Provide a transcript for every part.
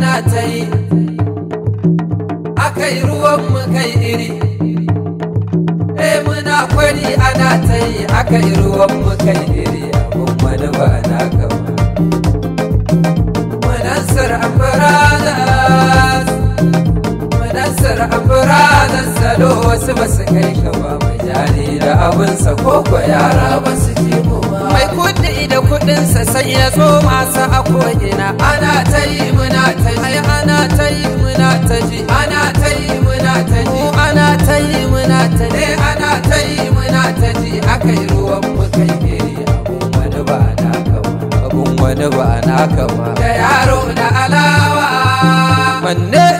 rana ta yi akai ruwan mu kai iri eh muna kwari ana ta yi akai ruwan mu kai iri abun manufa na gaba munansar amuranas munansar amuranas salo wasu basu kai gaba majani da abinsa koko yara basu kuɗinsa sai ya zo masa a ko'ina ana ta yi muna ta ji ana ta yi muna ta ji ana ta yi muna ta ji ana ta yi muna ta ji eh, ana ta yi muna ta ji aka yi ruwan mukai gari abun wani ba na kama abun wani ba na kama da yaro da alawa manne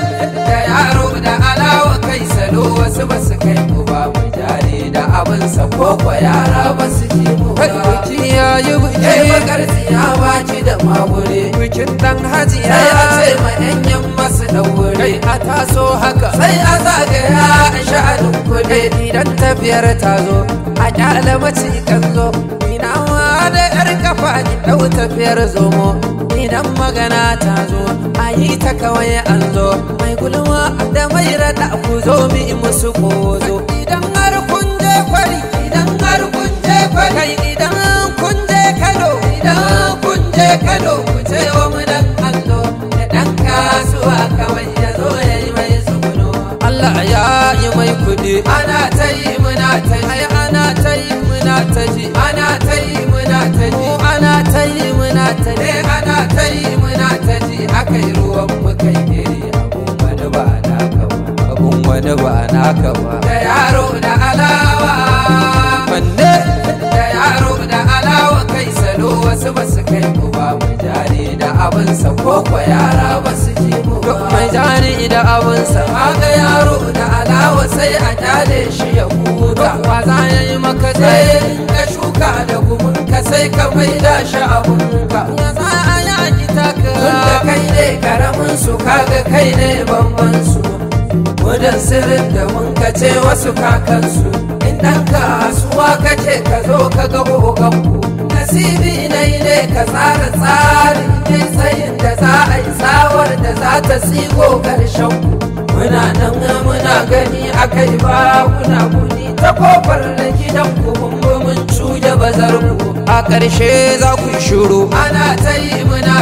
abin sa koko yara ba su ji kuka biki ya yi biki kai makarci ya baki da magure bikin dan haji ya ce ma yan yan masu daure kai a taso haka sai a ya a sha'anin kuɗi idan tafiyar ta zo a kyale mace kan zo ina ma da yar kafa ki tafiyar zomo idan magana ta zo a yi ta kawai an zo mai gulma ta ne ana ta yi muna ta ji aka yi ruwan mu kai gari abun wani ba na kama abun wani ba na kama da yaro da alawa wanne da yaro da alawa kai salo wasu ba su kai mu ba mu jari da abinsa ko ko yara ba su ji mu ba mai jari da abinsa haka yaro da alawa sai a kyale shi ya huta wa za ya yi maka sai ka shuka da gumin ka sai ka maida shi abun karamin su kaga kai ne bamban su mudan sirrin da mun kace wasu kakansu in dan kasuwa kace ka zo ka ga ku nasibi na yi ne ka tsara tsari ne tsayin da za a yi tsawar da za ta sigo karshen muna nan muna gani akai ba kuna kuni ta kofar na gidan ku mun cuje bazar ku a ƙarshe za ku shuru. ana ta yi muna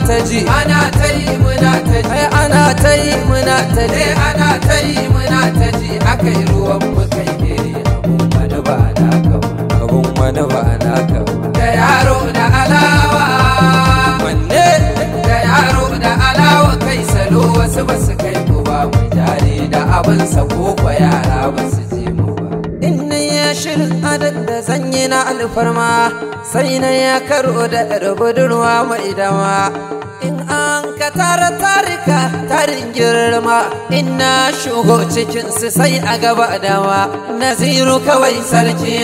ta ji ana ta yi muna ta ji ai eh, ana ta yi muna ta ji eh, ana ta yi muna ta ji akai ruwan muka kai ne abun wani ba na ka abun wani ba na ka da yaro da alawa wanne da yaro da alawa kai salo wasu ba su kai ko ba mu jare da abin sa ko yara ba su duk da sanyi na alfarma sai na ya karo da mai dama ka tara tarika tarin girma ina shugo cikin su sai a gaba dawa naziru kawai sarki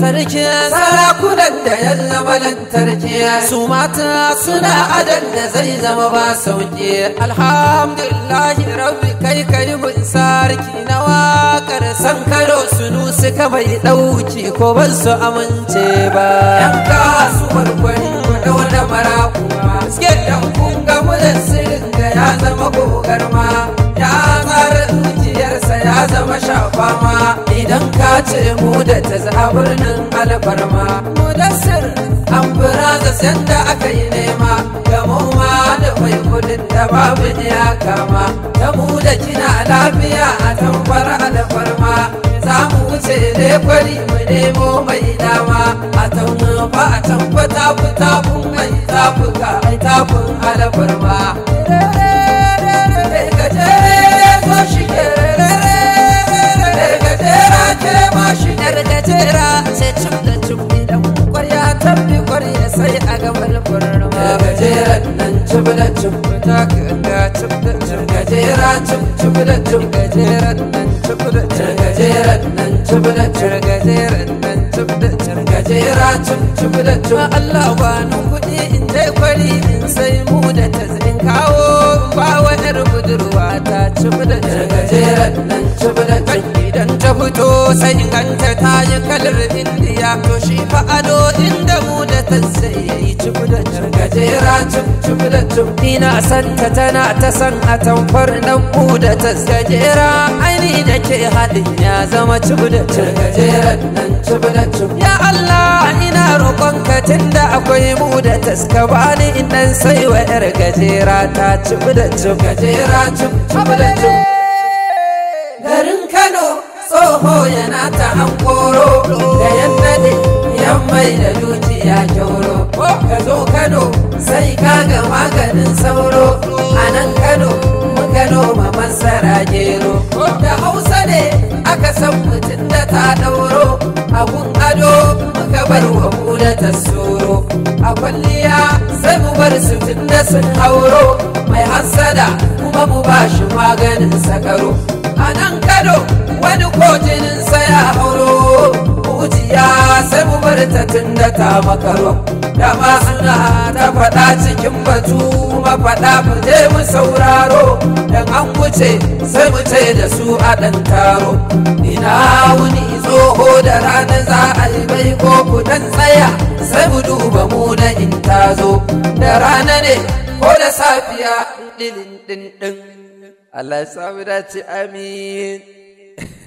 sarki sarakunan da yalla tarki su mata suna adan da zai zama ba sauki alhamdulillahi rabbi kai kai mun sarki na wakar san karo sunu suka bai dauki ko ban su amince ba yan kasuwar kwari da wanda marakuwa ce mu da ta za birnin alfarma mu da sir an firaza sanda aka yi nema da mu ma da mai kudin da babu ya kama da mu da kina lafiya a tamfar alfarma za mu wuce ne kwari mu nemo mai dama a taunin ba a tamfata fita kun mai tafuka ai tafin alfarma tera ce cif da cif idan kwarya tabbi kwarya sai a gabar kurma gajera nan cif da cif ta ga cif da cif gajera cif cif da cif gajera nan cif da cif gajera nan cif da cif gajera nan cif da cif gajera cif cif da cif Allah ba nu kudi in je kwari in sai mu da tazin kawo ba wa yar budurwa ta cif da cif gajera nan cif da fito sai hanta ta yi kalar indiya to shi fa ado inda mu da ta sai yi cibu da gajera cibu da ina san santa tana ta san a tamfar dan ku da ta gajera aini da ke hadin ya zama cibu da gajeren nan cibu da ya Allah ina ka tunda akwai mu da taska bani in dan sai wa 'yar gajera ta cibu da gajera cibu da tsoho yana ta hankoro da yadda ne yan mai da dukiya kyauro ka zo kano sai ka ga maganin sauro a nan kano muka noma masara gero da hausa ne aka san mutum da ta dauro abun ado muka bar wa kula ta soro a kwalliya sai mu bar su tun da sun hauro mai hassada kuma mu ba shi maganin sakaro jinin sai a hauro kuciya sai mu bar ta tunda ta makaro dama suna ta faɗa cikin batu mafaɗa mu je mu sauraro dan an wuce sai mu ce da su a ɗan taro ina wuni tsoho da rana za a yi bai ko ku dan tsaya sai mu duba mu na in ta zo da rana ne ko da safiya ɗin ɗin ɗin Allah ya sami dace amin